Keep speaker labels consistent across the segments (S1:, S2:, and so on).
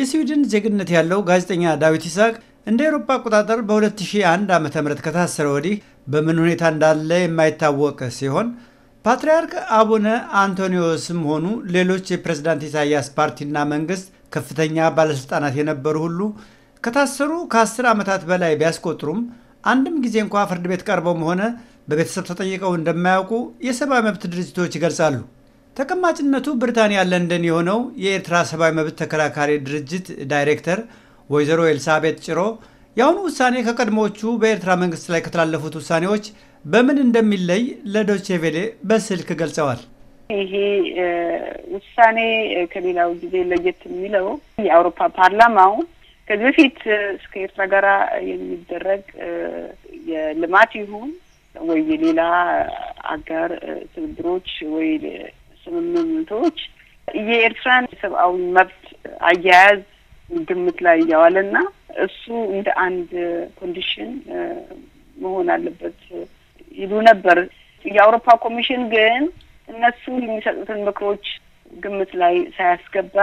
S1: የስዊድን ዜግነት ያለው ጋዜጠኛ ዳዊት ይስሐቅ እንደ ኤሮፓ አቆጣጠር በ2001 ዓ ም ከታሰረ ወዲህ በምን ሁኔታ እንዳለ የማይታወቅ ሲሆን ፓትርያርክ አቡነ አንቶኒዎስም ሆኑ ሌሎች የፕሬዝዳንት ኢሳያስ ፓርቲና መንግስት ከፍተኛ ባለሥልጣናት የነበሩ ሁሉ ከታሰሩ ከ10 ዓመታት በላይ ቢያስቆጥሩም አንድም ጊዜ እንኳ ፍርድ ቤት ቀርበውም ሆነ በቤተሰብ ተጠይቀው እንደማያውቁ የሰብአዊ መብት ድርጅቶች ይገልጻሉ። ተቀማጭነቱ ብሪታንያ ለንደን የሆነው የኤርትራ ሰብአዊ መብት ተከራካሪ ድርጅት ዳይሬክተር ወይዘሮ ኤልሳቤት ጭሮ የአሁኑ ውሳኔ ከቀድሞዎቹ በኤርትራ መንግስት ላይ ከተላለፉት ውሳኔዎች በምን እንደሚለይ ለዶቼቬሌ በስልክ ገልጸዋል።
S2: ይሄ ውሳኔ ከሌላው ጊዜ ለየት የሚለው የአውሮፓ ፓርላማው ከዚህ በፊት እስከ ኤርትራ ጋራ የሚደረግ የልማት ይሁን ወይ የሌላ አጋር ትብብሮች ወይ ስምምነቶች የኤርትራን የሰብአዊ መብት አያያዝ ግምት ላይ እያዋለና እሱ እንደ አንድ ኮንዲሽን መሆን አለበት ይሉ ነበር። የአውሮፓ ኮሚሽን ግን እነሱ የሚሰጡትን ምክሮች ግምት ላይ ሳያስገባ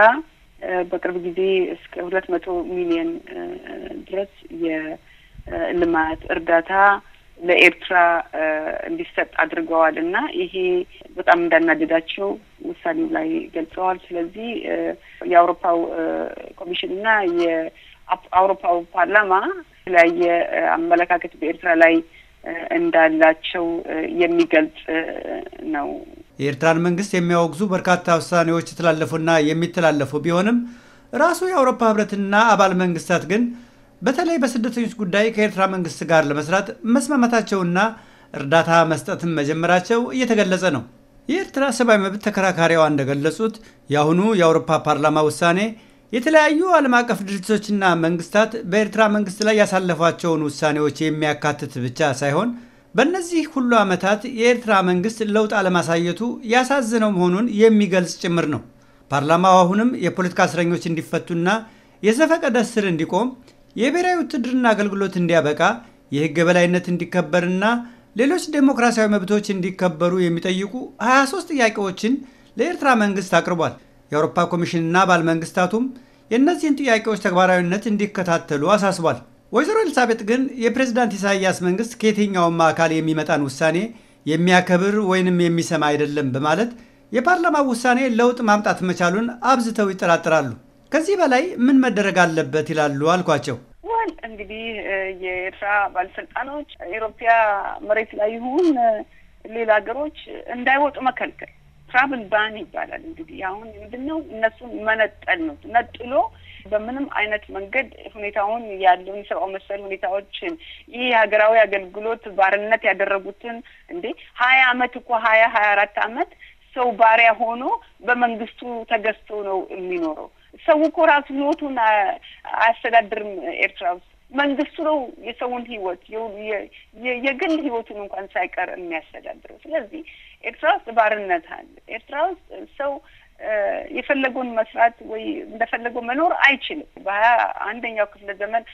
S2: በቅርብ ጊዜ እስከ ሁለት መቶ ሚሊዮን ድረስ የልማት እርዳታ ለኤርትራ እንዲሰጥ አድርገዋል እና ይሄ በጣም እንዳናደዳቸው ውሳኔው ላይ ገልጸዋል። ስለዚህ የአውሮፓው ኮሚሽን እና የአውሮፓው ፓርላማ የተለያየ አመለካከት በኤርትራ ላይ እንዳላቸው የሚገልጽ ነው።
S1: የኤርትራን መንግስት የሚያወግዙ በርካታ ውሳኔዎች የተላለፉና የሚተላለፉ ቢሆንም ራሱ የአውሮፓ ህብረትና አባል መንግስታት ግን በተለይ በስደተኞች ጉዳይ ከኤርትራ መንግስት ጋር ለመስራት መስማማታቸውና እርዳታ መስጠትን መጀመራቸው እየተገለጸ ነው። የኤርትራ ሰብአዊ መብት ተከራካሪዋ እንደገለጹት የአሁኑ የአውሮፓ ፓርላማ ውሳኔ የተለያዩ ዓለም አቀፍ ድርጅቶችና መንግስታት በኤርትራ መንግስት ላይ ያሳለፏቸውን ውሳኔዎች የሚያካትት ብቻ ሳይሆን በእነዚህ ሁሉ ዓመታት የኤርትራ መንግስት ለውጥ አለማሳየቱ ያሳዝነው መሆኑን የሚገልጽ ጭምር ነው። ፓርላማው አሁንም የፖለቲካ እስረኞች እንዲፈቱና የዘፈቀደ እስር እንዲቆም፣ የብሔራዊ ውትድርና አገልግሎት እንዲያበቃ፣ የህግ የበላይነት እንዲከበርና ሌሎች ዴሞክራሲያዊ መብቶች እንዲከበሩ የሚጠይቁ 23 ጥያቄዎችን ለኤርትራ መንግስት አቅርቧል። የአውሮፓ ኮሚሽንና አባል መንግስታቱም የእነዚህን ጥያቄዎች ተግባራዊነት እንዲከታተሉ አሳስቧል። ወይዘሮ ኤልሳቤጥ ግን የፕሬዝዳንት ኢሳያስ መንግስት ከየትኛውም አካል የሚመጣን ውሳኔ የሚያከብር ወይንም የሚሰማ አይደለም በማለት የፓርላማው ውሳኔ ለውጥ ማምጣት መቻሉን አብዝተው ይጠራጥራሉ። ከዚህ በላይ ምን መደረግ አለበት ይላሉ አልኳቸው።
S2: እንግዲህ የኤርትራ ባለስልጣኖች ኢሮፒያ መሬት ላይ ይሁን ሌላ ሀገሮች እንዳይወጡ መከልከል ትራቭል ባን ይባላል። እንግዲህ አሁን ምንድን ነው እነሱን መነጠል ነው። ነጥሎ በምንም አይነት መንገድ ሁኔታውን ያለውን ሰብአዊ መሰል ሁኔታዎችን ይህ ሀገራዊ አገልግሎት ባርነት ያደረጉትን እንዴ ሀያ አመት እኮ ሀያ ሀያ አራት አመት ሰው ባሪያ ሆኖ በመንግስቱ ተገዝቶ ነው የሚኖረው። ሰው እኮ ራሱ ህይወቱን አያስተዳድርም ኤርትራ ውስጥ መንግስቱ ነው የሰውን ህይወት የግል ህይወቱን እንኳን ሳይቀር የሚያስተዳድረው። ስለዚህ ኤርትራ ውስጥ ባርነት አለ። ኤርትራ ውስጥ ሰው የፈለገውን መስራት ወይ እንደፈለገው መኖር አይችልም። በሀያ አንደኛው ክፍለ ዘመን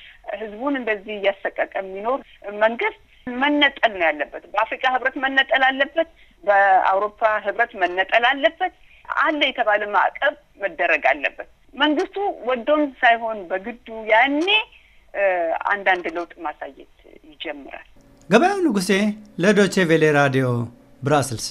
S2: ህዝቡን እንደዚህ እያሰቀቀ የሚኖር መንግስት መነጠል ነው ያለበት። በአፍሪካ ህብረት መነጠል አለበት። በአውሮፓ ህብረት መነጠል አለበት። አለ የተባለ ማዕቀብ መደረግ አለበት። መንግስቱ ወዶም ሳይሆን በግዱ ያኔ አንዳንድ ለውጥ ማሳየት ይጀምራል።
S1: ገበያው ንጉሴ ለዶቼ ቬሌ ራዲዮ ብራስልስ